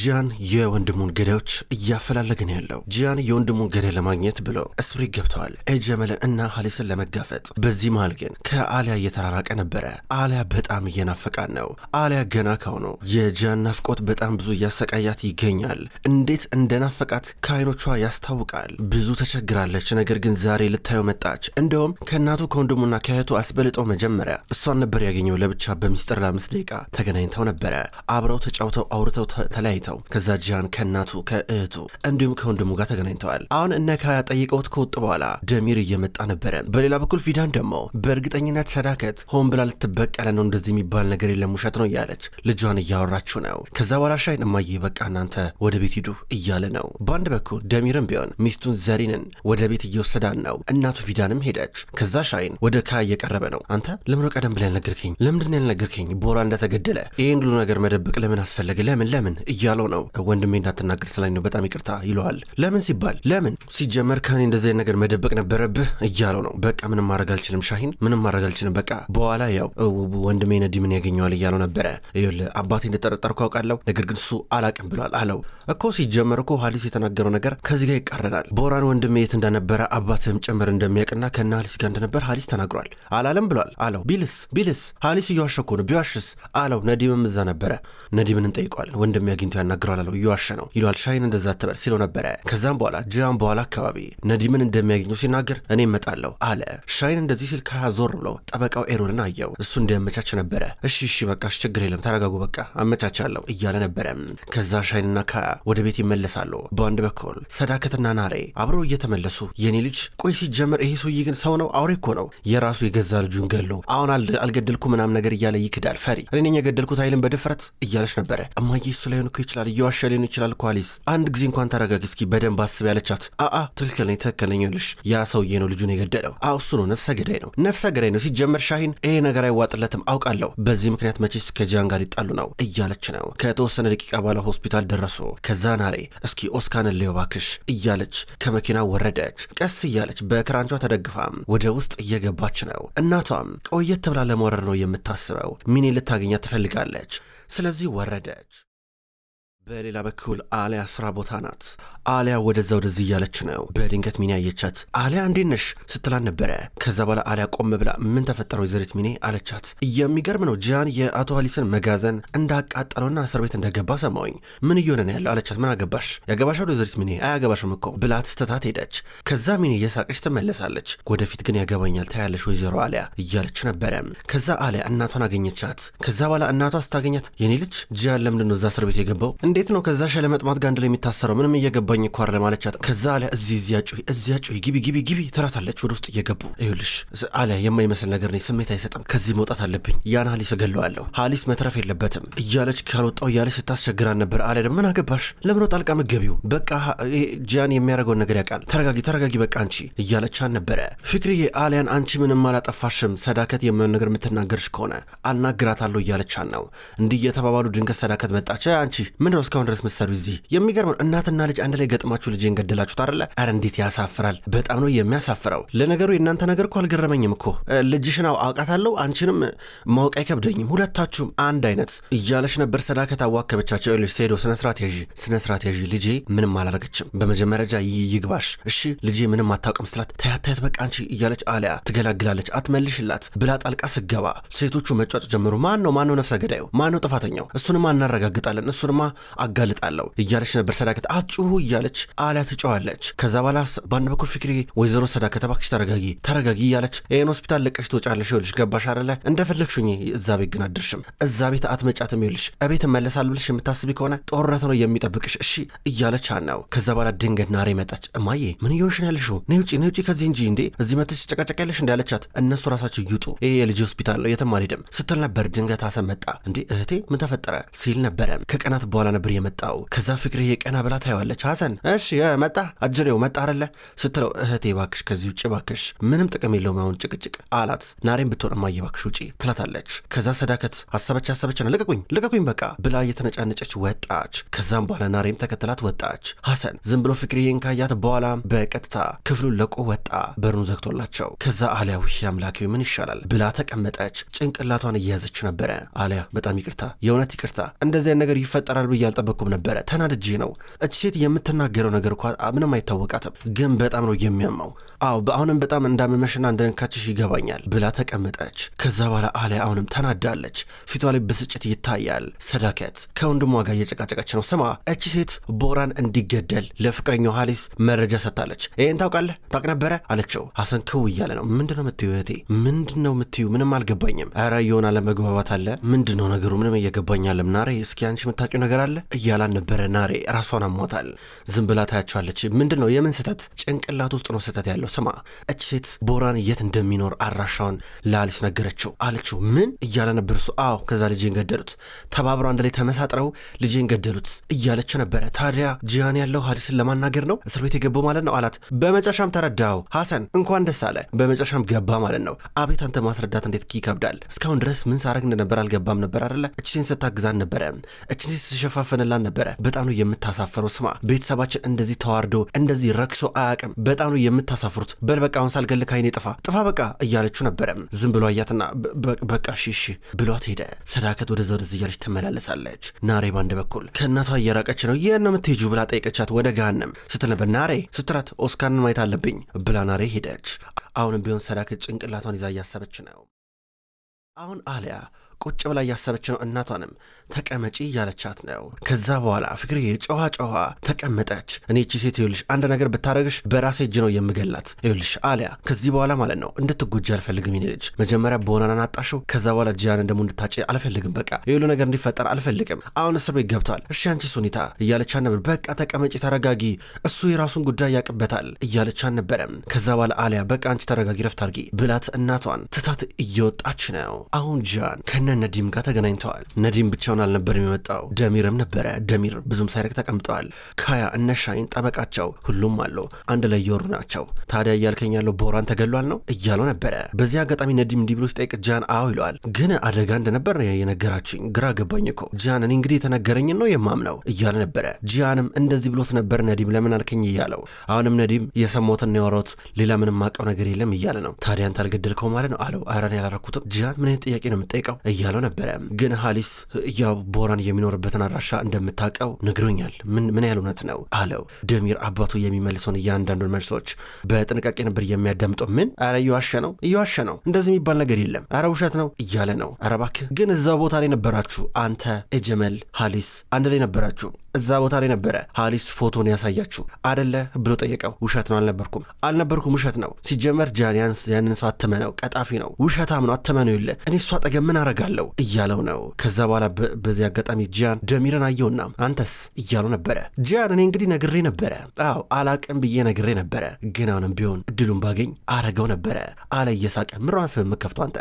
ጂያን የወንድሙን ገዳዮች እያፈላለገ ነው ያለው። ጂያን የወንድሙን ገዳይ ለማግኘት ብሎ እስፕሪት ገብተዋል፣ ኤጀመልን እና ሀሊስን ለመጋፈጥ። በዚህ መሃል ግን ከአሊያ እየተራራቀ ነበረ። አሊያ በጣም እየናፈቃን ነው። አሊያ ገና ካሁኑ የጂያን ናፍቆት በጣም ብዙ እያሰቃያት ይገኛል። እንዴት እንደናፈቃት ከአይኖቿ ያስታውቃል። ብዙ ተቸግራለች። ነገር ግን ዛሬ ልታየው መጣች። እንደውም ከእናቱ ከወንድሙና ከእህቱ አስበልጠው መጀመሪያ እሷን ነበር ያገኘው። ለብቻ በሚስጥር ለአምስት ደቂቃ ተገናኝተው ነበረ። አብረው ተጫውተው አውርተው ተለያ ተገናኝተው ከዛ ጃን ከእናቱ ከእህቱ እንዲሁም ከወንድሙ ጋር ተገናኝተዋል። አሁን እነ ካያ ጠይቀውት ከወጡ በኋላ ደሚር እየመጣ ነበረ። በሌላ በኩል ፊዳን ደግሞ በእርግጠኝነት ሰዳከት ሆን ብላ ልትበቀለ ነው፣ እንደዚህ የሚባል ነገር የለም፣ ውሸት ነው እያለች ልጇን እያወራችሁ ነው። ከዛ በኋላ ሻይን እማዬ በቃ እናንተ ወደ ቤት ሂዱ እያለ ነው። በአንድ በኩል ደሚርም ቢሆን ሚስቱን ዘሪንን ወደ ቤት እየወሰዳን ነው። እናቱ ፊዳንም ሄደች። ከዛ ሻይን ወደ ካያ እየቀረበ ነው። አንተ ለምሮ ቀደም ብለህ ያልነገርከኝ ለምንድን ያልነገርከኝ ቦራ እንደተገደለ ይህን ሁሉ ነገር መደበቅ ለምን አስፈለገ? ለምን ለምን እያ እያለው ነው። ወንድሜ እንዳትናገር ስላኝ ነው በጣም ይቅርታ ይለዋል። ለምን ሲባል ለምን ሲጀመር ከኔ እንደዚህ ነገር መደበቅ ነበረብህ እያለው ነው። በቃ ምንም ማድረግ አልችልም ሻሂን፣ ምንም ማድረግ አልችልም። በቃ በኋላ ያው ወንድሜ ነዲ ምን ያገኘዋል እያለው ነበረ። ይኸውልህ አባቴ እንደጠረጠርኩ አውቃለሁ፣ ነገር ግን እሱ አላቅም ብሏል አለው። እኮ ሲጀመር እኮ ሀዲስ የተናገረው ነገር ከዚህ ጋር ይቃረናል። ቦራን ወንድሜ የት እንደነበረ አባትህም ጭምር እንደሚያውቅና ከነ ሀዲስ ጋር እንደነበር ሀዲስ ተናግሯል። አላለም ብሏል አለው። ቢልስ ቢልስ ሀዲስ እየዋሸ ነው ቢዋሽስ አለው። ነዲምም እዛ ነበረ። ነዲምን እንጠይቀዋለን ወንድሜ አግኝቶ ያናግረዋል አለው። እየዋሸ ነው ይሏል። ሻይን እንደዛ አትበል ሲለው ነበረ። ከዛም በኋላ ጃን በኋላ አካባቢ ነዲምን እንደሚያገኘው ሲናገር እኔ እመጣለሁ አለ። ሻይን እንደዚህ ሲል ከሀያ ዞር ብለው ጠበቃው ኤሮልን አየው። እሱ እንዲያመቻች ነበረ። እሺ እሺ በቃ ችግር የለም ተረጋጉ፣ በቃ አመቻቻለሁ እያለ ነበረ። ከዛ ሻይንና ከሀያ ወደ ቤት ይመለሳሉ። በአንድ በኩል ሰዳከትና ናሬ አብረው እየተመለሱ የኔ ልጅ ቆይ ሲጀምር ይሄ ሰውዬ ግን ሰው ነው አውሬ እኮ ነው የራሱ የገዛ ልጁን ገሎ አሁን አልገደልኩ ምናም ነገር እያለ ይክዳል። ፈሪ እኔ ነኝ የገደልኩት አይልም በድፍረት እያለች ነበረ። እማዬ እሱ ላይ ይችላል፣ እየዋሻ ሊሆን ይችላል ኳሊስ አንድ ጊዜ እንኳን ተረጋጊ እስኪ በደንብ አስብ ያለቻት። አአ ትክክል ነኝ ትክክል ነኝ፣ ይኸውልሽ ያ ሰውዬ ነው ልጁን የገደለው። አዎ እሱ ነው፣ ነፍሰ ገዳይ ነው፣ ነፍሰ ገዳይ ነው። ሲጀመር ሻሂን ይሄ ነገር አይዋጥለትም አውቃለሁ። በዚህ ምክንያት መቼስ ከጃን ጋር ሊጣሉ ነው እያለች ነው። ከተወሰነ ደቂቃ በኋላ ሆስፒታል ደረሱ። ከዛ ናሬ እስኪ ኦስካንን ልየው እባክሽ እያለች ከመኪና ወረደች። ቀስ እያለች በክራንቿ ተደግፋ ወደ ውስጥ እየገባች ነው። እናቷም ቆየት ተብላ ለመውረድ ነው የምታስበው። ሚኔ ልታገኛት ትፈልጋለች። ስለዚህ ወረደች። በሌላ በኩል አሊያ ስራ ቦታ ናት። አሊያ ወደዛ ወደዚህ እያለች ነው። በድንገት ሚኒ አየቻት። አሊያ እንዴት ነሽ ስትላን ነበረ። ከዛ በኋላ አሊያ ቆም ብላ ምን ተፈጠረ ወይዘሪት ሚኒ አለቻት። የሚገርም ነው ጂያን የአቶ አሊስን መጋዘን እንዳቃጠለውና እስር ቤት እንደገባ ሰማውኝ። ምን እየሆነ ነው ያለው አለቻት። ምን አገባሽ? ያገባሻል ወይዘሪት ሚኒ። አያገባሽም እኮ ብላት ስትታት ሄደች። ከዛ ሚኒ እየሳቀች ትመለሳለች። ወደፊት ግን ያገባኛል ታያለሽ ወይዘሮ አሊያ እያለች ነበረ። ከዛ አሊያ እናቷን አገኘቻት። ከዛ በኋላ እናቷ ስታገኛት የኔ ልጅ ጂያን ለምንድን እዛ እስር ቤት የገባው እንዴት ነው ከዛ ሻለ መጥማት ጋር አንድ የሚታሰረው? ምንም እየገባኝ እኮ አይደለም አለቻት። ከዛ አለ እዚህ እዚያ ጩሂ እዚያ ጩሂ ግቢ ግቢ ግቢ ትላታለች። ወደ ውስጥ እየገቡ ይኸውልሽ አለ የማይመስል ነገር ነው፣ ስሜት አይሰጥም። ከዚህ መውጣት አለብኝ። ያን ሀሊስ እገለዋለሁ። ሀሊስ መትረፍ የለበትም እያለች ካልወጣው እያለች ስታስቸግራን ነበር አለ። ደግሞ ምን አገባሽ ለምሮ ጣልቃ መገቢው በቃ ጂያን የሚያደርገውን ነገር ያውቃል። ተረጋጊ ተረጋጊ በቃ አንቺ እያለቻን ነበረ። ፍቅርዬ አሊያን አንቺ ምንም አላጠፋሽም፣ ሰዳከት የሚሆን ነገር የምትናገርሽ ከሆነ አናግራታለሁ እያለቻን ነው። እንዲህ እየተባባሉ ድንገት ሰዳከት መጣች። አንቺ ምንድነው እስካሁን ድረስ ምሳሉ እዚህ የሚገርመው እናትና ልጅ አንድ ላይ ገጥማችሁ ልጅ ገደላችሁት አለ። አረ እንዴት ያሳፍራል! በጣም ነው የሚያሳፍረው። ለነገሩ የእናንተ ነገር እኮ አልገረመኝም እኮ ልጅሽን አውቃታለሁ፣ አንቺንም ማወቅ አይከብደኝም፣ ሁለታችሁም አንድ አይነት እያለች ነበር። ሰዳከት አዋከበቻቸው። ልጅ ሄዶ ስነስርዓት ያዥ፣ ስነስርዓት ያዥ። ልጄ ምንም አላረገችም፣ በመጀመሪያ ይግባሽ እሺ። ልጄ ምንም አታውቅም ስላት ተያታያት በቃ አንቺ እያለች አሊያ ትገላግላለች፣ አትመልሽላት ብላ ጣልቃ ስገባ ሴቶቹ መጫጭ ጀምሩ። ማን ነው ማን ነው ነፍሰ ገዳዩ? ማን ነው ጥፋተኛው? እሱንማ እናረጋግጣለን፣ እሱንማ አጋልጣለሁ እያለች ነበር ሰዳከት። አጩሁ እያለች አሊያ ትጨዋለች። ከዛ በኋላ በአንድ በኩል ፍቅሪ ወይዘሮ ሰዳከት እባክሽ ተረጋጊ ተረጋጊ እያለች ይህን ሆስፒታል ለቀሽ ትወጫለሽ፣ ይኸውልሽ ገባሽ አይደለ እንደፈለግሽኝ፣ እዛ ቤት ግን አድርሽም እዛ ቤት አትመጫትም፣ ይኸውልሽ እቤት እመለሳለሁ ብለሽ የምታስቢ ከሆነ ጦርነት ነው የሚጠብቅሽ እሺ እያለች አናው። ከዛ በኋላ ድንገት ናሬ መጣች። እማዬ ምን እየሆንሽ ነው ያለሽው? ነይ ውጪ ነይ ውጪ ከዚህ እንጂ እንዴ እዚህ መጥተሽ ጨቃጨቃ ያለሽ እንዳለቻት እነሱ ራሳቸው ይውጡ፣ ይሄ የልጅ ሆስፒታል ነው የትም አልሄድም ስትል ነበር። ድንገት አሰመጣ እንዴ እህቴ ምን ተፈጠረ ሲል ነበረ። ከቀናት በኋላ ነበር ነበር የመጣው። ከዛ ፍቅሬ የቀና ብላ ታየዋለች። ሐሰን እሺ መጣ አጅሬው መጣ አለ ስትለው፣ እህቴ ባክሽ ከዚህ ውጭ ባክሽ፣ ምንም ጥቅም የለውም አሁን ጭቅጭቅ አላት። ናሬም ብትሆን እማዬ ባክሽ ውጪ ትላታለች። ከዛ ሰዳከት አሰበች አሰበችና ልቀቁኝ ልቀቁኝ በቃ ብላ እየተነጫነጨች ወጣች። ከዛም በኋላ ናሬም ተከትላት ወጣች። ሐሰን ዝም ብሎ ፍቅርዬን ካያት በኋላ በቀጥታ ክፍሉን ለቆ ወጣ፣ በሩን ዘግቶላቸው። ከዛ አሊያ ውሽ አምላኪው ምን ይሻላል ብላ ተቀመጠች። ጭንቅላቷን እየያዘች ነበረ። አሊያ በጣም ይቅርታ፣ የእውነት ይቅርታ፣ እንደዚያን ነገር ይፈጠራል ብዬ ያልጠበኩም ነበረ። ተናድጄ ነው። እች ሴት የምትናገረው ነገር እኳ ምንም አይታወቃትም፣ ግን በጣም ነው የሚያማው። አዎ በአሁንም በጣም እንዳመመሽና እንደንካችሽ ይገባኛል ብላ ተቀምጠች ከዛ በኋላ አሊያ አሁንም ተናዳለች። ፊቷ ላይ ብስጭት ይታያል። ሰዳከት ከወንድሟ ጋር እየጨቃጨቀች ነው። ስማ እች ሴት ቦራን እንዲገደል ለፍቅረኛው ሀሊስ መረጃ ሰጥታለች። ይህን ታውቃለህ? ታውቅ ነበረ አለችው። ሀሰን ክው እያለ ነው። ምንድነው የምትዩ እህቴ? ምንድነው የምትዩ? ምንም አልገባኝም። ኧረ የሆነ አለመግባባት አለ። ምንድነው ነገሩ? ምንም እየገባኝ ናሬ እስኪ አንቺ የምታውቂው ነገር አለ ታውቃለህ እያላን ነበረ። ናሬ ራሷን አሟታል። ዝም ብላ ታያቸዋለች። ምንድን ነው የምን ስህተት? ጭንቅላት ውስጥ ነው ስህተት ያለው። ስማ፣ እች ሴት ቦራን የት እንደሚኖር አድራሻውን ለአሌክስ ነገረችው። አለችው ምን እያለ ነበር እሱ። አዎ፣ ከዛ ልጄን ገደሉት፣ ተባብረው አንድ ላይ ተመሳጥረው ልጄን ገደሉት እያለች ነበረ። ታዲያ ጂያን ያለው ሀዲስን ለማናገር ነው እስር ቤት የገባው ማለት ነው አላት። በመጨረሻም ተረዳው። ሐሰን እንኳን ደስ አለ። በመጨረሻም ገባ ማለት ነው። አቤት አንተ ማስረዳት እንዴት ይከብዳል። እስካሁን ድረስ ምን ሳረግ እንደነበር አልገባም ነበር አደለ? እችን ስታግዛን ነበረ እችን ሲሸፋፍ እየተጨፋፈንላን ነበረ። በጣም ነው የምታሳፍረው። ስማ ቤተሰባችን እንደዚህ ተዋርዶ እንደዚህ ረክሶ አያውቅም። በጣም ነው የምታሳፍሩት። በል በቃ አሁን ሳልገልህ ዓይኔ ጥፋ ጥፋ በቃ እያለችው ነበረ። ዝም ብሎ አያትና በቃ ሽሽ ብሏት ሄደ። ሰዳከት ወደዛ ወደዚህ እያለች ትመላለሳለች። ናሬ በአንድ በኩል ከእናቷ እየራቀች ነው። የት ነው የምትሄጂው ብላ ጠየቀቻት። ወደ ገሃነም ስትል ነበር ናሬ ስትላት፣ ኦስካርን ማየት አለብኝ ብላ ናሬ ሄደች። አሁንም ቢሆን ሰዳከት ጭንቅላቷን ይዛ እያሰበች ነው። አሁን አሊያ ቁጭ ብላ እያሰበች ነው። እናቷንም ተቀመጪ እያለቻት ነው። ከዛ በኋላ ፍቅርዬ ጨዋ ጨዋ ተቀመጠች። እኔ እቺ ሴት ይኸውልሽ፣ አንድ ነገር ብታደረግሽ በራሴ እጅ ነው የምገላት። ይኸውልሽ አሊያ፣ ከዚህ በኋላ ማለት ነው እንድትጎጂ አልፈልግም። ይኔ ልጅ መጀመሪያ በሆነን አናጣሽው። ከዛ በኋላ ጂያንን ደግሞ እንድታጭ አልፈልግም። በቃ የሁሉ ነገር እንዲፈጠር አልፈልግም። አሁን እስር ቤት ገብቷል። እሺ አንቺስ ሁኔታ እያለቻ ነበር። በቃ ተቀመጪ፣ ተረጋጊ፣ እሱ የራሱን ጉዳይ ያቅበታል እያለቻ ነበረም። ከዛ በኋላ አሊያ በቃ አንቺ ተረጋጊ፣ ረፍት አርጊ ብላት እናቷን ትታት እየወጣች ነው። አሁን ጂያን ከነ ነዲም ጋር ተገናኝተዋል። ነዲም ብቻውን አልነበር የመጣው ደሚርም ነበረ። ደሚር ብዙም ሳይረቅ ተቀምጠዋል። ካያ እነ ሻይን ጠበቃቸው፣ ሁሉም አሉ። አንድ ላይ እየወሩ ናቸው። ታዲያ እያልከኝ ያለው ቦራን ተገሏል ነው እያለው ነበረ። በዚህ አጋጣሚ ነዲም እንዲህ ብሎ ሲጠይቅ ጃን አዎ ይለዋል። ግን አደጋ እንደነበር የነገራችሁኝ ግራ ገባኝ እኮ ጃን፣ እኔ እንግዲህ የተነገረኝን ነው የማምነው እያለ ነበረ። ጂያንም እንደዚህ ብሎት ነበር ነዲም ለምን አልከኝ እያለው አሁንም ነዲም የሰሞትን ነው ያወራሁት፣ ሌላ ምንም አውቀው ነገር የለም እያለ ነው። ታዲያ አንተ አልገደልከው ማለት ነው አለው። አራን ያላረኩትም ጂያን ምን ጥያቄ ነው የምጠይቀው እያለው ነበረ። ግን ሀሊስ ያው ቦራን የሚኖርበትን አድራሻ እንደምታውቀው ነግሮኛል። ምን ምን ያህል እውነት ነው አለው። ደሚር አባቱ የሚመልሰውን እያንዳንዱን መልሶች በጥንቃቄ ነበር የሚያዳምጠው። ምን አረ እየዋሸ ነው እየዋሸ ነው፣ እንደዚህ የሚባል ነገር የለም፣ አረ ውሸት ነው እያለ ነው። አረ እባክህ ግን እዛ ቦታ ላይ ነበራችሁ፣ አንተ ኤጀመል ሀሊስ አንድ ላይ ነበራችሁ። እዛ ቦታ ላይ ነበረ ሀሊስ ፎቶን ያሳያችሁ አደለ ብሎ ጠየቀው። ውሸት ነው አልነበርኩም አልነበርኩም ውሸት ነው። ሲጀመር ጃንያንስ ያንን ሰው አትመነው፣ ቀጣፊ ነው፣ ውሸታም ነው፣ አትመነው ይለ እኔ እሷ አጠገብ ምን አረጋለሁ እያለው ነው። ከዛ በኋላ በዚህ አጋጣሚ ጃን ደሚረን አየውና አንተስ እያሉ ነበረ። ጃን እኔ እንግዲህ ነግሬ ነበረ፣ አዎ አላቅም ብዬ ነግሬ ነበረ፣ ግን አሁንም ቢሆን እድሉን ባገኝ አረገው ነበረ አለ እየሳቀ። ምሯን የምከፍቶ አንተ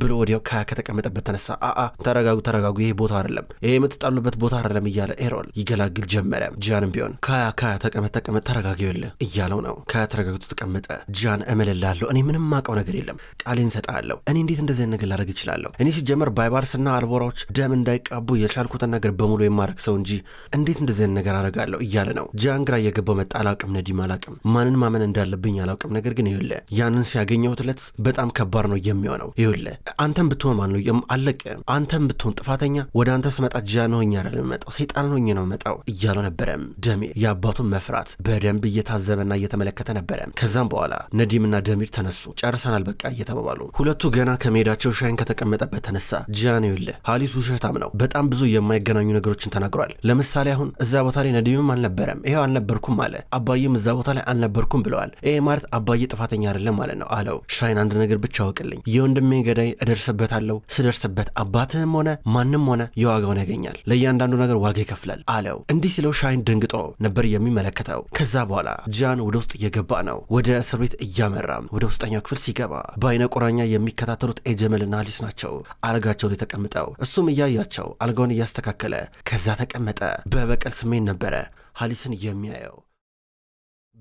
ብሎ ወዲያው ከያ ከተቀመጠበት ተነሳ። አአ ተረጋጉ፣ ተረጋጉ፣ ይሄ ቦታ አይደለም፣ ይሄ የምትጣሉበት ቦታ አይደለም እያለ ኤሮል ይገላግል ጀመረ። ጃንም ቢሆን ካያ ካያ ተቀመጥ ተቀመጥ ተረጋጋ ይኸውልህ እያለው ነው። ካያ ተረጋግቶ ተቀመጠ። ጃን እምልልሃለሁ እኔ ምንም ማውቀው ነገር የለም ቃሌን እሰጥሃለሁ። እኔ እንዴት እንደዚህ ነገር ላደርግ እችላለሁ? እኔ ሲጀመር ባይባርስና አልቦራዎች ደም እንዳይቀቡ የቻልኩትን ነገር በሙሉ የማረግ ሰው እንጂ እንዴት እንደዚህ ነገር አደርጋለሁ እያለ ነው። ጃን ግራ እየገባው መጣ። አላውቅም ነዲም፣ አላውቅም ማንን ማመን እንዳለብኝ አላውቅም። ነገር ግን ይሁለ ያንን ሲያገኘሁት ዕለት በጣም ከባድ ነው የሚሆነው። ይሁለ አንተም ብትሆን ማን ነው አለቀ አንተም ብትሆን ጥፋተኛ ወደ አንተ ስመጣ ጃን ሆኜ አይደለም የምመጣው ሰይጣን ሆኜ ነው የምመጣው የምትመጣው እያለው ነበረ። ደሚር የአባቱን መፍራት በደንብ እየታዘበና እየተመለከተ ነበረ። ከዛም በኋላ ነዲምና ደሚር ተነሱ። ጨርሰናል በቃ እየተባባሉ ሁለቱ ገና ከመሄዳቸው ሻይን ከተቀመጠበት ተነሳ። ጂያን ይኸውልህ ሀሊት ውሸታም ነው። በጣም ብዙ የማይገናኙ ነገሮችን ተናግሯል። ለምሳሌ አሁን እዛ ቦታ ላይ ነዲምም አልነበረም፣ ይሄው አልነበርኩም አለ። አባዬም እዛ ቦታ ላይ አልነበርኩም ብለዋል። ይሄ ማለት አባዬ ጥፋተኛ አይደለም ማለት ነው አለው። ሻይን አንድ ነገር ብቻ አውቅልኝ፣ የወንድሜ ገዳይ እደርስበታለሁ። ስደርስበት አባትህም ሆነ ማንም ሆነ የዋጋውን ያገኛል። ለእያንዳንዱ ነገር ዋጋ ይከፍላል አለ። ያለው። እንዲህ ሲለው ሻይን ደንግጦ ነበር የሚመለከተው። ከዛ በኋላ ጃን ወደ ውስጥ እየገባ ነው። ወደ እስር ቤት እያመራ ወደ ውስጠኛው ክፍል ሲገባ በአይነ ቁራኛ የሚከታተሉት ኤጀመልና አሊስ ናቸው። አልጋቸው ላይ ተቀምጠው እሱም እያያቸው አልጋውን እያስተካከለ ከዛ ተቀመጠ። በበቀል ስሜን ነበረ ሀሊስን የሚያየው።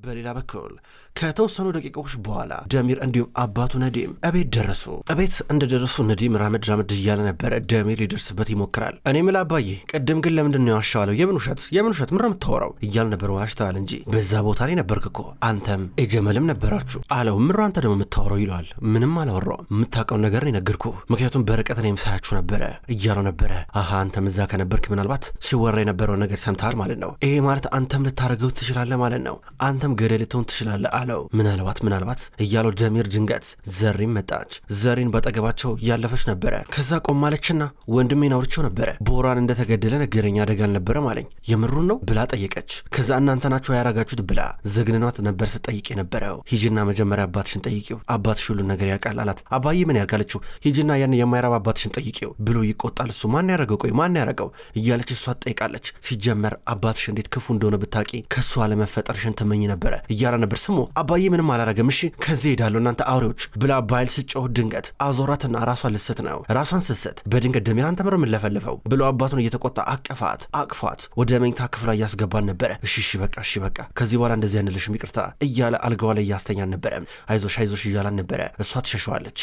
በሌላ በኩል ከተወሰኑ ደቂቃዎች በኋላ ደሚር እንዲሁም አባቱ ነዲም እቤት ደረሱ። እቤት እንደደረሱ ነዲም ራመድ ራመድ እያለ ነበረ። ደሚር ሊደርስበት ይሞክራል። እኔ ምል አባዬ፣ ቅድም ግን ለምንድን ነው ያዋሸዋለው? የምን ውሸት የምን ውሸት ምነው የምታወራው? እያሉ ነበር። ዋሽተዋል እንጂ በዛ ቦታ ላይ ነበርክ እኮ አንተም የጀመልም ነበራችሁ አለው። ምሮ አንተ ደግሞ የምታወራው ይለዋል። ምንም አላወራውም፣ የምታውቀው ነገር ነው የነገርኩ፣ ምክንያቱም በርቀት ነው የምሳያችሁ ነበረ እያለው ነበረ። አሀ አንተም እዛ ከነበርክ ምናልባት ሲወራ የነበረውን ነገር ሰምተሃል ማለት ነው። ይሄ ማለት አንተም ልታደርገው ትችላለህ ማለት ነው አንተ አንተም ገደል ልትሆን ትችላለህ አለው። ምናልባት ምናልባት እያለው ጀሚር ድንገት ዘሪን መጣች። ዘሪን በጠገባቸው እያለፈች ነበረ። ከዛ ቆማለችና ወንድሜን አውርቼው ነበረ ቦራን እንደተገደለ ነገረኝ፣ አደጋ አልነበረም አለኝ። የምሩን ነው ብላ ጠየቀች። ከዛ እናንተ ናችሁ ያረጋችሁት ብላ ዘግንኗት ነበር ስጠይቅ የነበረው። ሂጅና መጀመሪያ አባትሽን ጠይቂው፣ አባትሽ ሁሉን ነገር ያውቃል አላት። አባዬ ምን ያርጋለችው? ሂጅና ያን የማይረባ አባትሽን ጠይቂው ብሎ ይቆጣል እሱ። ማን ያረገው? ቆይ ማን ያረገው እያለች እሷ ትጠይቃለች። ሲጀመር አባትሽ እንዴት ክፉ እንደሆነ ብታቂ ከእሷ ለመፈጠርሽን ትመኝ ነበር ነበረ እያለ ነበር። ስሙ አባዬ ምንም አላረገም፣ እሺ ከዚህ ሄዳለሁ እናንተ አውሬዎች ብላ ባይል ስጮህ ድንገት አዞራትና ራሷን ልስት ነው ራሷን ስስት በድንገት አንተ ተምር የምንለፈልፈው ብሎ አባቱን እየተቆጣ አቀፋት አቅፏት ወደ መኝታ ክፍሏ እያስገባን ነበረ። እሺ እሺ በቃ እሺ በቃ ከዚህ በኋላ እንደዚህ ያንልሽ ይቅርታ እያለ አልጋዋ ላይ እያስተኛን ነበረ። አይዞሽ አይዞሽ እያላን ነበረ። እሷ ትሸሸዋለች።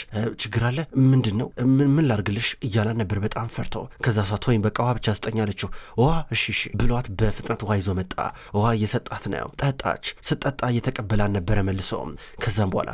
ችግር አለ ምንድን ነው ምን ላርግልሽ እያላን ነበር በጣም ፈርቶ። ከዛ እሷ ተወኝ በቃ ውሃ ብቻ ስጠኛለችው። ውሃ እሺ እሺ ብሏት በፍጥነት ውሃ ይዞ መጣ። ውሃ እየሰጣት ነው ጠጣች። ስጠጣ እየተቀበላን ነበረ መልሶ። ከዛም በኋላ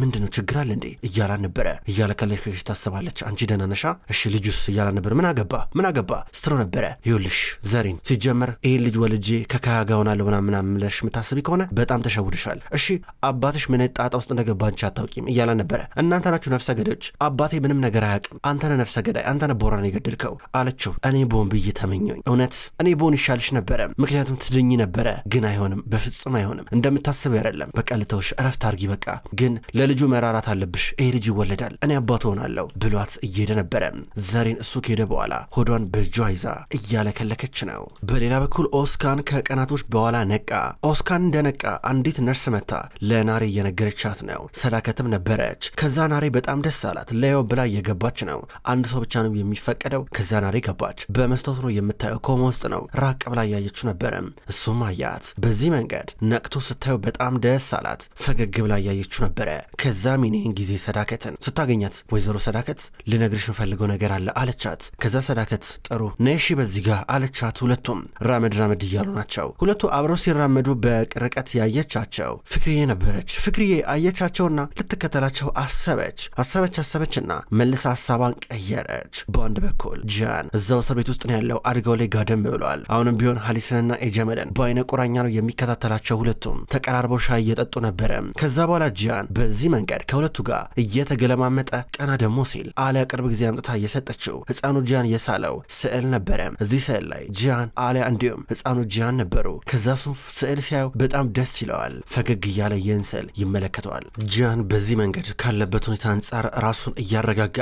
ምንድነው ችግር አለ እንዴ እያላን ነበረ። እያለከለከች ታስባለች። አንቺ ደህና ነሻ? እሺ ልጁስ እያላን ነበረ። ምን አገባ ምን አገባ ስትለው ነበረ። ይኸውልሽ ዘሪን፣ ሲጀመር ይህን ልጅ ወልጄ ከካያ ጋር ሆናለሁ ምናምን ምናምን የምታስቢ ከሆነ በጣም ተሸውድሻል። እሺ አባትሽ ምን ጣጣ ውስጥ እንደገባ አንቺ አታውቂም እያላን ነበረ። እናንተ ናችሁ ነፍሰ ገዳዮች፣ አባቴ ምንም ነገር አያውቅም። አንተነ ነፍሰ ገዳይ፣ አንተነ ቦራን የገደልከው አለችው። እኔ ቦን ብዬ ተመኘኝ። እውነት እኔ ቦን ይሻልሽ ነበረ፣ ምክንያቱም ትድኝ ነበረ። ግን አይሆንም፣ በፍጹም አይሆንም። እንደምታስበው አይደለም። በቃ ልተውሽ፣ እረፍት አርጊ በቃ ግን ለልጁ መራራት አለብሽ። ይሄ ልጅ ይወለዳል፣ እኔ አባት ሆናለሁ ብሏት እየሄደ ነበረ። ዛሬን እሱ ከሄደ በኋላ ሆዷን በእጇ ይዛ እያለከለከች ነው። በሌላ በኩል ኦስካን ከቀናቶች በኋላ ነቃ። ኦስካን እንደነቃ አንዲት ነርስ መታ ለናሬ እየነገረቻት ነው። ሰዳከትም ነበረች። ከዛ ናሬ በጣም ደስ አላት። ለየው ብላ እየገባች ነው። አንድ ሰው ብቻ ነው የሚፈቀደው። ከዛ ናሬ ገባች። በመስታወት ነው የምታየው። ኮማ ውስጥ ነው። ራቅ ብላ እያየችው ነበረ። እሱም አያት። በዚህ መንገድ ነቅቶ ስታዩ በጣም ደስ አላት። ፈገግ ብላ እያየችው ነበረ። ከዛም የኔህን ጊዜ ሰዳከትን ስታገኛት ወይዘሮ ሰዳከት ልነግርሽ የምፈልገው ነገር አለ አለቻት። ከዛ ሰዳከት ጥሩ ነሺ በዚህ ጋር አለቻት። ሁለቱም ራመድ ራመድ እያሉ ናቸው። ሁለቱ አብረው ሲራመዱ በቅርቀት ያየቻቸው ፍክርዬ ነበረች። ፍክርዬ አየቻቸውና ልትከተላቸው አሰበች። አሰበች አሰበችና መልሰ ሀሳቧን ቀየረች። በአንድ በኩል ጃን እዛው እስር ቤት ውስጥ ነው ያለው። አድጋው ላይ ጋደም ብሏል። አሁንም ቢሆን ሀሊስንና ኤጀመልን በአይነ ቁራኛ ነው የሚከታተላቸው ሁለቱ ተቀራርበው ሻይ እየጠጡ ነበረ። ከዛ በኋላ ጂያን በዚህ መንገድ ከሁለቱ ጋር እየተገለማመጠ ቀና ደግሞ ሲል አሊያ ቅርብ ጊዜ አምጥታ እየሰጠችው ህፃኑ ጂያን የሳለው ስዕል ነበረ። እዚህ ስዕል ላይ ጂያን፣ አሊያ እንዲሁም ህፃኑ ጂያን ነበሩ። ከዛ ሱ ስዕል ሲያዩ በጣም ደስ ይለዋል። ፈገግ እያለ ይህን ስዕል ይመለከተዋል። ጂያን በዚህ መንገድ ካለበት ሁኔታ አንጻር ራሱን እያረጋጋ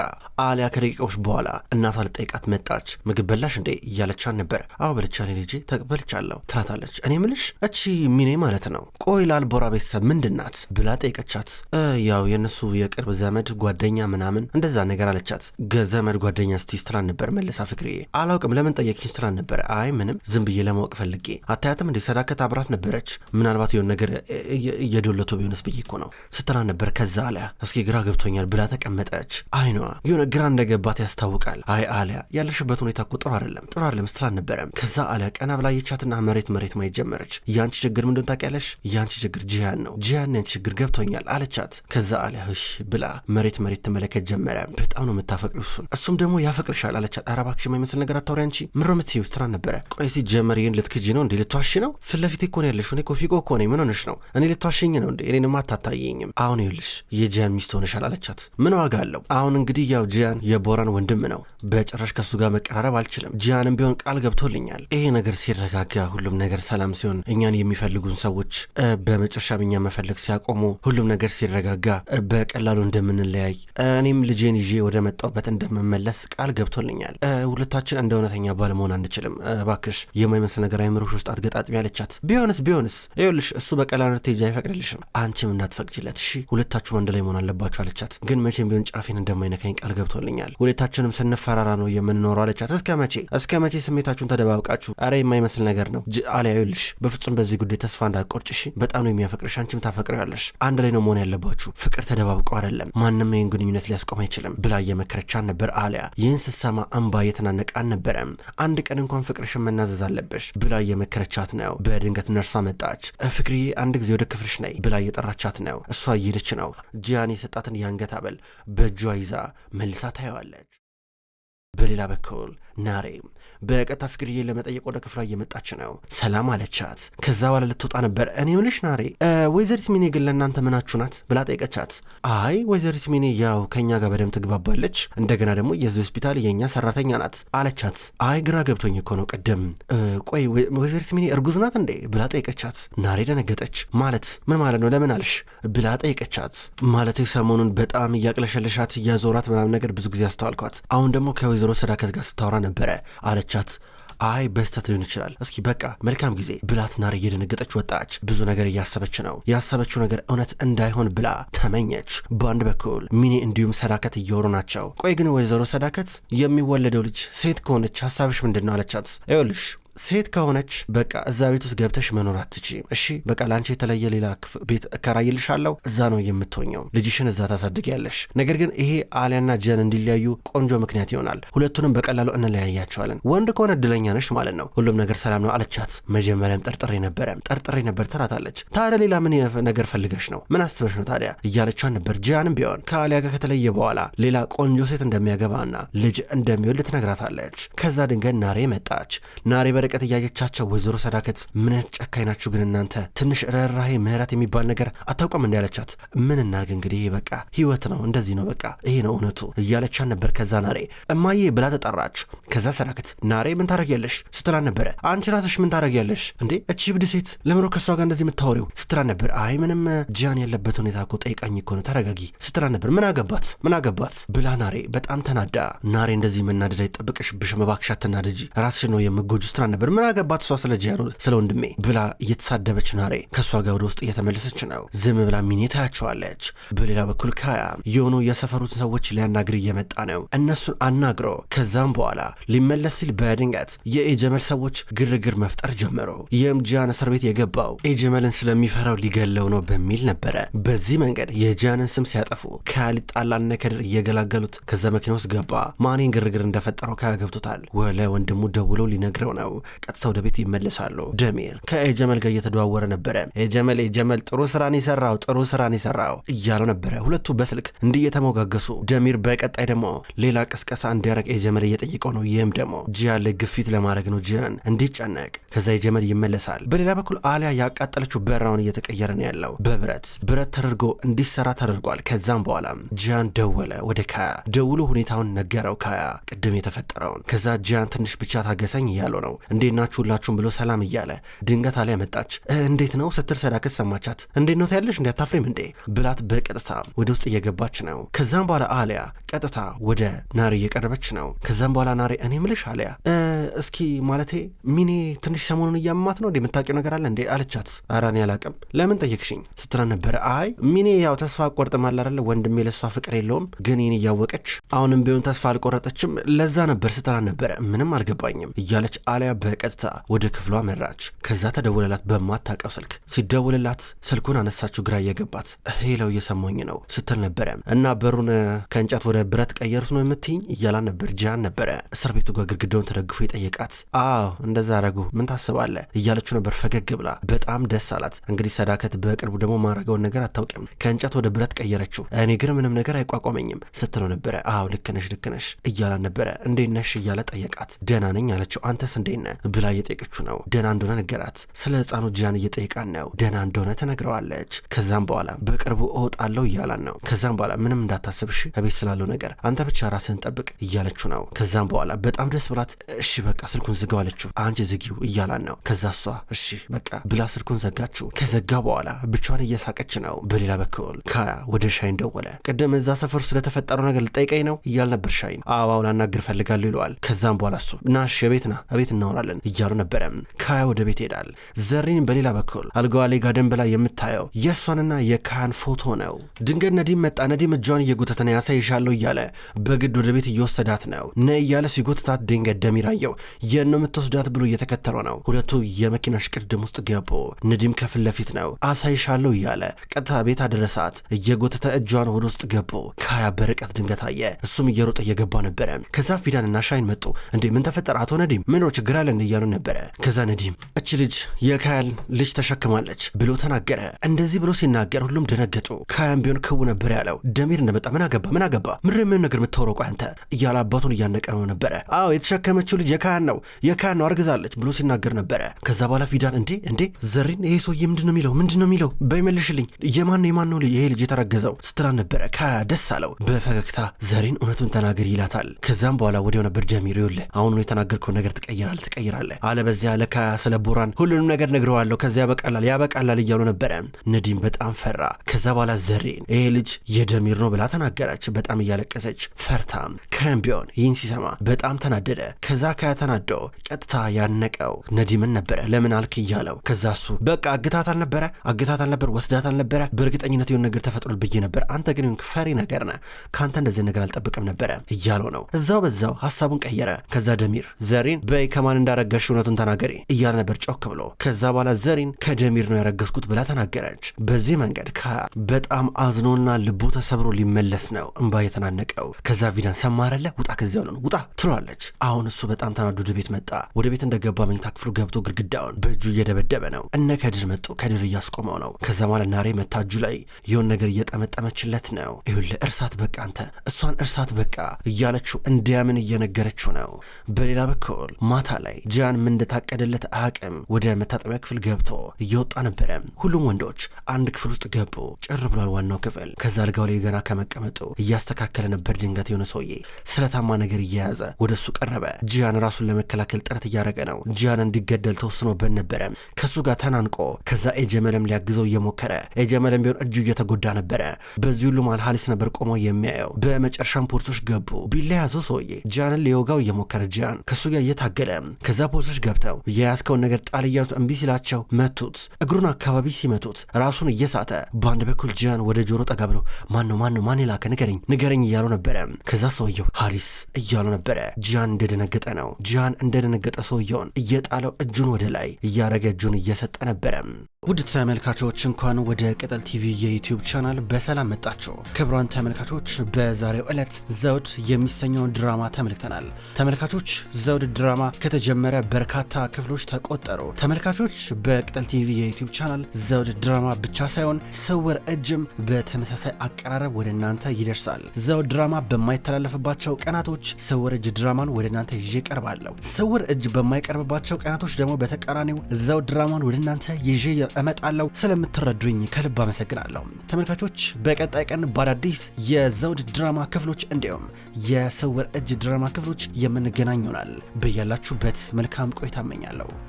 አሊያ ከደቂቃዎች በኋላ እናቷ ልጠይቃት መጣች። ምግብ በላሽ እንዴ እያለቻን ነበር። አዎ በልቻ ልጄ ተበልቻለሁ ትላታለች። እኔ ምልሽ እቺ ሚኔ ማለት ነው ነው። ቆይ ላልቦራ ቤተሰብ ምንድን ናት ብላ ጠየቀቻት። ያው የእነሱ የቅርብ ዘመድ ጓደኛ ምናምን እንደዛ ነገር አለቻት። ዘመድ ጓደኛ ስቲ ስትላን ነበር መለሳ ፍቅሬ። አላውቅም ለምን ጠየቅሽኝ ስትላን ነበር። አይ ምንም ዝም ብዬ ለማወቅ ፈልጌ። አታያትም እንዴ ሰዳከት አብራት ነበረች። ምናልባት የሆን ነገር እየዶለቶ ቢሆንስ ብዬ እኮ ነው ስትላን ነበር። ከዛ አሊያ እስኪ ግራ ገብቶኛል ብላ ተቀመጠች። አይኗ የሆነ ግራ እንደገባት ያስታውቃል። አይ አሊያ ያለሽበት ሁኔታ እኮ ጥሩ አይደለም ጥሩ አይደለም ስትላን ነበረም። ከዛ አሊያ ቀና ብላ የቻትና መሬት መሬት ማየት ጀመረች። ያንቺ ችግር ምንድን ታውቂያለሽ ታውቂያለሽ፣ ያንቺ ችግር ጂያን ነው። ጂያን ያንቺ ችግር ገብቶኛል አለቻት። ከዛ አለሽ ብላ መሬት መሬት ትመለከት ጀመረ። በጣም ነው የምታፈቅር እሱን፣ እሱም ደግሞ ያፈቅርሻል አለቻት። ኧረ እባክሽ የማይመስል ነገር አታውሪ አንቺ ምሮ ምትዩ ስትራ ነበረ። ቆይ ሲጀመር ይህን ልትክጂ ነው እንዴ? ልትዋሺ ነው? ፊት ለፊቴ እኮ ነው ያለሽው። እኔ እኮ ፊቆ እኮ ነኝ። ምን ሆነሽ ነው? እኔ ልትዋሽኝ ነው እንዴ? እኔንማ አታታየኝም። አሁን ይኸውልሽ የጂያን ሚስት ሆነሻል አለቻት። ምን ዋጋ አለው? አሁን እንግዲህ ያው ጂያን የቦራን ወንድም ነው። በጭራሽ ከሱ ጋር መቀራረብ አልችልም። ጂያንም ቢሆን ቃል ገብቶልኛል። ይሄ ነገር ሲረጋጋ፣ ሁሉም ነገር ሰላም ሲሆን እኛን የሚፈልጉን ሰዎች ሰዎች በመጨረሻ እኛ መፈለግ ሲያቆሙ ሁሉም ነገር ሲረጋጋ በቀላሉ እንደምንለያይ እኔም ልጄን ይዤ ወደ መጣሁበት እንደምመለስ ቃል ገብቶልኛል። ሁለታችን እንደ እውነተኛ ባል መሆን አንችልም። እባክሽ የማይመስል ነገር አይምሮሽ ውስጥ አትገጣጥሚ ያለቻት። ቢሆንስ ቢሆንስ ይኸውልሽ እሱ በቀላሉ ትሄጂ አይፈቅድልሽም፣ አንቺም እንዳትፈቅጂለት። እሺ ሁለታችሁም አንድ ላይ መሆን አለባችሁ አለቻት። ግን መቼም ቢሆን ጫፌን እንደማይነካኝ ቃል ገብቶልኛል። ሁለታችንም ስንፈራራ ነው የምንኖረው አለቻት። እስከ መቼ እስከ መቼ ስሜታችሁን ተደባብቃችሁ? አረ የማይመስል ነገር ነው አሊያ። ይኸውልሽ በፍጹም በዚህ ጉዳይ ተስፋ እንዳቆ አትቆርጭ እሺ። በጣም ነው የሚያፈቅርሽ፣ አንቺም ታፈቅሪዋለሽ። አንድ ላይ ነው መሆን ያለባችሁ። ፍቅር ተደባብቆ አይደለም። ማንም ይህን ግንኙነት ሊያስቆም አይችልም ብላ እየመከረቻን ነበር። አሊያ ይህን ስትሰማ እንባ እየተናነቀ አልነበረም። አንድ ቀን እንኳን ፍቅርሽን መናዘዝ አለብሽ ብላ እየመከረቻት ነው። በድንገት ነርሷ መጣች። ፍቅርዬ አንድ ጊዜ ወደ ክፍልሽ ነይ ብላ እየጠራቻት ነው። እሷ እየሄደች ነው። ጂያን የሰጣትን የአንገት ሀብል በእጇ ይዛ መልሳ ታየዋለች። በሌላ በኩል ናሬ በቀጥታ ፍቅርዬ ለመጠየቅ ወደ ክፍሏ እየመጣች ነው። ሰላም አለቻት። ከዛ በኋላ ልትወጣ ነበር። እኔ ምልሽ ናሬ፣ ወይዘሪት ሚኔ ግን ለእናንተ ምናችሁ ናት ብላ ጠየቀቻት። አይ ወይዘሪት ሚኔ ያው ከእኛ ጋር በደም ትግባባለች፣ እንደገና ደግሞ የዚህ ሆስፒታል የእኛ ሰራተኛ ናት አለቻት። አይ ግራ ገብቶኝ እኮ ነው ቅድም። ቆይ ወይዘሪት ሚኔ እርጉዝ ናት እንዴ ብላ ጠየቀቻት። ናሬ ደነገጠች። ማለት ምን ማለት ነው ለምን አልሽ ብላ ጠየቀቻት። ማለት ሰሞኑን በጣም እያቅለሸለሻት እያዞራት ምናምን ነገር ብዙ ጊዜ አስተዋልኳት። አሁን ደግሞ ከወይዘሮ ሰዳከት ጋር ስታወራ ነበረ አለቻት። አይ በስተት ሊሆን ይችላል። እስኪ በቃ መልካም ጊዜ ብላት ናር እየደነገጠች ወጣች። ብዙ ነገር እያሰበች ነው። ያሰበችው ነገር እውነት እንዳይሆን ብላ ተመኘች። በአንድ በኩል ሚኒ እንዲሁም ሰዳከት እየወሩ ናቸው። ቆይ ግን ወይዘሮ ሰዳከት የሚወለደው ልጅ ሴት ከሆነች ሀሳብሽ ምንድን ነው አለቻት። ይኸውልሽ ሴት ከሆነች በቃ እዛ ቤት ውስጥ ገብተሽ መኖር አትችይም። እሺ በቃ ለአንቺ የተለየ ሌላ ቤት እከራይልሻለሁ፣ እዛ ነው የምትሆኘው፣ ልጅሽን እዛ ታሳድጊያለሽ። ነገር ግን ይሄ አሊያና ጀን እንዲለያዩ ቆንጆ ምክንያት ይሆናል። ሁለቱንም በቀላሉ እንለያያቸዋለን። ወንድ ከሆነ እድለኛ ነሽ ማለት ነው። ሁሉም ነገር ሰላም ነው አለቻት። መጀመሪያም ጠርጥሬ ነበረ ጠርጥሬ ነበር ትላታለች። ታዲያ ሌላ ምን ነገር ፈልገሽ ነው? ምን አስበሽ ነው ታዲያ እያለቿን ነበር። ጃንም ቢሆን ከአሊያ ጋር ከተለየ በኋላ ሌላ ቆንጆ ሴት እንደሚያገባና ልጅ እንደሚወልድ ትነግራታለች። ከዛ ድንገት ናሬ መጣች። ናሬ በረ ርቀት እያየቻቸው ወይዘሮ ሰዳከት ምን አይነት ጨካኝ ናችሁ ግን እናንተ ትንሽ ርኅራሄ ምህረት የሚባል ነገር አታውቀም እንዲ ያለቻት ምን እናርግ እንግዲህ በቃ ህይወት ነው እንደዚህ ነው በቃ ይሄ ነው እውነቱ እያለቻን ነበር ከዛ ናሬ እማዬ ብላ ተጠራች ከዛ ሰዳከት ናሬ ምን ታደረግያለሽ ስትላን ነበረ አንቺ ራስሽ ምን ታደረግያለሽ እንዴ እቺ ብድ ሴት ለምሮ ከእሷ ጋር እንደዚህ የምታወሪው ስትላን ነበር አይ ምንም ጂያን ያለበት ሁኔታ እኮ ጠይቃኝ እኮ ነው ተረጋጊ ስትላን ነበር ምን አገባት ምን አገባት ብላ ናሬ በጣም ተናዳ ናሬ እንደዚህ መናደድ አይጠብቅሽ ብሽ መባክሻ ትናደጂ ራስሽ ነው የምጎጁ ስትላን ነበር። ምን አገባት እሷ ስለ ጃኑ ስለ ወንድሜ ብላ እየተሳደበች ናሬ ከእሷ ጋር ወደ ውስጥ እየተመለሰች ነው። ዝም ብላ ሚኔ ታያቸዋለች። በሌላ በኩል ካያ የሆኑ የሰፈሩትን ሰዎች ሊያናግር እየመጣ ነው። እነሱን አናግሮ ከዛም በኋላ ሊመለስ ሲል በድንገት የኤጀመል ሰዎች ግርግር መፍጠር ጀመሩ። ይህም ጂያን እስር ቤት የገባው ኤጀመልን ስለሚፈራው ሊገለው ነው በሚል ነበረ። በዚህ መንገድ የጂያንን ስም ሲያጠፉ ካያ ሊጣላና ከድር እየገላገሉት ከዛ መኪና ውስጥ ገባ። ማኔን ግርግር እንደፈጠረው ካያ ገብቶታል። ወለ ወንድሙ ደውለው ሊነግረው ነው። ቀጥታ ወደ ቤት ይመለሳሉ። ደሜር ከኤጀመል ጋር እየተደዋወረ ነበረ። ኤጀመል ኤጀመል ጥሩ ስራን የሰራው ጥሩ ስራን የሰራው እያለው ነበረ። ሁለቱ በስልክ እንዲህ እየተሞጋገሱ ደሚር በቀጣይ ደግሞ ሌላ ቅስቀሳ እንዲያረግ ኤጀመል እየጠየቀው ነው። ይህም ደግሞ ጂያን ላይ ግፊት ለማድረግ ነው፣ ጂያን እንዲጨነቅ። ከዛ ኤጀመል ይመለሳል። በሌላ በኩል አሊያ ያቃጠለችው በራውን እየተቀየረ ነው ያለው። በብረት ብረት ተደርጎ እንዲሰራ ተደርጓል። ከዛም በኋላ ጂያን ደወለ ወደ ካያ ደውሎ ሁኔታውን ነገረው። ካያ ቅድም የተፈጠረውን ከዛ ጂያን ትንሽ ብቻ ታገሰኝ እያለው ነው እንዴት ናችሁ ሁላችሁም ብሎ ሰላም እያለ ድንገት አሊያ መጣች። እንዴት ነው ስትል ሰዳከት ሰማቻት። እንዴት ነው ታያለሽ እንዴ አታፍሬም እንዴ ብላት በቀጥታ ወደ ውስጥ እየገባች ነው። ከዛም በኋላ አሊያ ቀጥታ ወደ ናሪ እየቀረበች ነው። ከዛም በኋላ ናሪ እኔ ምልሽ አሊያ እስኪ ማለቴ ሚኔ ትንሽ ሰሞኑን እያመማት ነው እንዴ የምታውቂው ነገር አለ እንዴ አለቻት። ኧረ እኔ አላቅም ለምን ጠየቅሽኝ ስትላ ነበረ። አይ ሚኔ ያው ተስፋ አቆርጥም አለ ወንድሜ ለሷ ፍቅር የለውም ግን ይህን እያወቀች አሁንም ቢሆን ተስፋ አልቆረጠችም ለዛ ነበር ስትላ ነበረ። ምንም አልገባኝም እያለች አሊያ በቀጥታ ወደ ክፍሏ መራች። ከዛ ተደወለላት በማታውቀው ስልክ። ሲደወልላት ስልኩን አነሳችው ግራ እየገባት ሄለው እየሰማኝ ነው ስትል ነበረ እና በሩን ከእንጨት ወደ ብረት ቀየሩት ነው የምትኝ እያላን ነበር። ጃን ነበረ እስር ቤቱ ጋር ግድግዳውን ተደግፎ የጠየቃት። አዎ እንደዛ አረጉ ምን ታስባለ እያለችው ነበር ፈገግ ብላ። በጣም ደስ አላት። እንግዲህ ሰዳከት በቅርቡ ደግሞ ማድረገውን ነገር አታውቅም። ከእንጨት ወደ ብረት ቀየረችው። እኔ ግን ምንም ነገር አይቋቋመኝም ስትለው ነበረ። አዎ ልክነሽ ልክነሽ እያላን ነበረ። እንዴነሽ እያለ ጠየቃት። ደህና ነኝ አለችው። አንተስ እንዴነ ብላ እየጠየቀችው ነው። ደህና እንደሆነ ነገራት። ስለ ህፃኑ ጃን እየጠየቃን ነው። ደህና እንደሆነ ተነግረዋለች። ከዛም በኋላ በቅርቡ እወጣለሁ እያላን ነው። ከዛም በኋላ ምንም እንዳታስብሽ እቤት ስላለው ነገር አንተ ብቻ ራስህን ጠብቅ እያለችው ነው። ከዛም በኋላ በጣም ደስ ብላት እሺ በቃ ስልኩን ዝጋው አለችው። አንቺ ዝጊው እያላን ነው። ከዛ እሷ እሺ በቃ ብላ ስልኩን ዘጋችው። ከዘጋ በኋላ ብቻዋን እየሳቀች ነው። በሌላ በኩል ካያ ወደ ሻይን ደወለ። ቅድም እዛ ሰፈር ስለተፈጠረው ነገር ልጠይቀኝ ነው እያል ነበር ሻይን። አዋው ላናግር ፈልጋለሁ ይለዋል። ከዛም በኋላ እሱ ናሽ የቤት ና ቤት እናውራ እንሰራለን እያሉ ነበረ። ካያ ወደ ቤት ይሄዳል። ዘሪን በሌላ በኩል አልጋዋ ላይ ጋደም ብላ የምታየው የእሷንና የካያን ፎቶ ነው። ድንገት ነዲም መጣ። ነዲም እጇን እየጎተተ ያሳይሻለሁ እያለ በግድ ወደ ቤት እየወሰዳት ነው። ነ እያለ ሲጎተታት ድንገት ደሚር አየው። የነ የምትወስዳት ብሎ እየተከተለ ነው። ሁለቱ የመኪና ሽቅድም ውስጥ ገቡ። ነዲም ከፊት ለፊት ነው። አሳይሻለሁ እያለ ቀጥታ ቤት አደረሳት። እየጎተተ እጇን ወደ ውስጥ ገቡ። ካያ በርቀት ድንገት አየ። እሱም እየሮጠ እየገባ ነበረ። ከዛ ፊዳንና ሻይን መጡ። እንዴ ምን ተፈጠረ አቶ ነዲም? ምኖ ችግር አለ እንችላለን እያሉ ነበረ። ከዛ ነዲም እች ልጅ የካያል ልጅ ተሸክማለች ብሎ ተናገረ። እንደዚህ ብሎ ሲናገር ሁሉም ደነገጡ። ካያም ቢሆን ክቡ ነበር ያለው። ደሜር እንደመጣ ምን አገባ ምን አገባ ምድር የሚሆን ነገር የምታወራው አንተ እያለ አባቱን እያነቀ ነው ነበረ። አዎ የተሸከመችው ልጅ የካያን ነው የካያን ነው አርግዛለች ብሎ ሲናገር ነበረ። ከዛ በኋላ ፊዳን እንዴ እንዴ ዘሪን ይሄ ሰውዬ ምንድን ነው የሚለው ምንድን ነው የሚለው በይመልሽልኝ የማን ነው የማን ነው ይሄ ልጅ የተረገዘው ስትላን ነበረ። ካያ ደስ አለው በፈገግታ ዘሪን እውነቱን ተናገር ይላታል። ከዛም በኋላ ወዲያው ነበር ደሚር ይውልህ አሁን የተናገርከው ነገር ትቀይራል ትቀይራለህ፣ በዚያ ለካ ስለ ቡራን ሁሉንም ነገር ነግረዋለሁ፣ ከዚያ ያበቃላል ያበቃላል እያሉ ነበረ። ነዲም በጣም ፈራ። ከዛ በኋላ ዘሬን ይህ ልጅ የደሚር ነው ብላ ተናገራች፣ በጣም እያለቀሰች ፈርታም። ካምቢዮን ይህን ሲሰማ በጣም ተናደደ። ከዛ ከተናደው ቀጥታ ያነቀው ነዲምን ነበረ፣ ለምን አልክ እያለው። ከዛ እሱ በቃ አግታት አልነበረ አግታት አልነበር ወስዳት አልነበረ በእርግጠኝነት የሆነ ነገር ተፈጥሮል ብዬ ነበር። አንተ ግን ፈሪ ነገር ነ ከአንተ እንደዚህ ነገር አልጠብቅም ነበረ እያለው ነው። እዛው በዛው ሀሳቡን ቀየረ። ከዛ ደሚር ዘሬን በይ ከማን እንዳረገሽ እውነቱን ተናገሪ እያለ ነበር ጮክ ብሎ። ከዛ በኋላ ዘሪን ከደሚር ነው ያረገዝኩት ብላ ተናገረች። በዚህ መንገድ ካያ በጣም አዝኖና ልቡ ተሰብሮ ሊመለስ ነው እንባ የተናነቀው። ከዛ ቪዳን ሰማረለ ውጣ ከዚያ ነው ውጣ ትሏለች። አሁን እሱ በጣም ተናዶ ወደ ቤት መጣ። ወደ ቤት እንደገባ መኝታ ክፍሉ ገብቶ ግድግዳውን በእጁ እየደበደበ ነው። እነ ከድር መጡ። ከድር እያስቆመው ነው። ከዛ በኋላ ናሬ መታ እጁ ላይ የሆን ነገር እየጠመጠመችለት ነው። ይሁለ እርሳት በቃ አንተ እሷን እርሳት በቃ እያለችው እንዲያምን እየነገረችው ነው። በሌላ በኩል ማታ ላይ ላይ ጃን ምን እንደታቀደለት አቅም ወደ መታጠቢያ ክፍል ገብቶ እየወጣ ነበረ። ሁሉም ወንዶች አንድ ክፍል ውስጥ ገቡ። ጭር ብሏል ዋናው ክፍል። ከዛ አልጋው ላይ ገና ከመቀመጡ እያስተካከለ ነበር። ድንገት የሆነ ሰውዬ ስለታማ ነገር እየያዘ ወደ እሱ ቀረበ። ጂያን ራሱን ለመከላከል ጥረት እያደረገ ነው። ጂያን እንዲገደል ተወስኖበት ነበረ። ከእሱ ጋር ተናንቆ ከዛ ኤጀመለም ሊያግዘው እየሞከረ ኤጀመለም ቢሆን እጁ እየተጎዳ ነበረ። በዚህ ሁሉ መሃል ሀሊስ ነበር ቆሞ የሚያየው። በመጨረሻም ፖሊሶች ገቡ። ቢላ ያዘው ሰውዬ ጂያንን ሊወጋው እየሞከረ ጂያን ከእሱ ጋር እየታገለ ከዛ ፖሊሶች ገብተው የያዝከውን ነገር ጣል እያሉት እምቢ ሲላቸው መቱት። እግሩን አካባቢ ሲመቱት ራሱን እየሳተ በአንድ በኩል ጂያን ወደ ጆሮ ጠጋ ብሎ ማን ነው ማን የላከ ንገረኝ ንገረኝ እያሉ ነበረ። ከዛ ሰውየው ሀሪስ እያሉ ነበረ። ጂያን እንደደነገጠ ነው። ጂያን እንደደነገጠ ሰውየውን እየጣለው እጁን ወደ ላይ እያረገ እጁን እየሰጠ ነበረ። ውድ ተመልካቾች እንኳን ወደ ቅጠል ቲቪ የዩቲዩብ ቻናል በሰላም መጣችሁ። ክቡራን ተመልካቾች በዛሬው ዕለት ዘውድ የሚሰኘውን ድራማ ተመልክተናል። ተመልካቾች ዘውድ ድራማ ከተጀመረ በርካታ ክፍሎች ተቆጠሩ። ተመልካቾች በቅጠል ቲቪ የዩቲዩብ ቻናል ዘውድ ድራማ ብቻ ሳይሆን ስውር እጅም በተመሳሳይ አቀራረብ ወደ እናንተ ይደርሳል። ዘውድ ድራማ በማይተላለፍባቸው ቀናቶች ስውር እጅ ድራማን ወደ እናንተ ይዤ ቀርባለሁ። ስውር እጅ በማይቀርብባቸው ቀናቶች ደግሞ በተቃራኒው ዘውድ ድራማን ወደ እናንተ ይዤ እመጣለሁ። ስለምትረዱኝ ከልብ አመሰግናለሁ። ተመልካቾች በቀጣይ ቀን በአዳዲስ የዘውድ ድራማ ክፍሎች እንዲሁም የስውር እጅ ድራማ ክፍሎች የምንገናኝ ይሆናል። በያላችሁበት መልካም ቆይታ እመኛለሁ።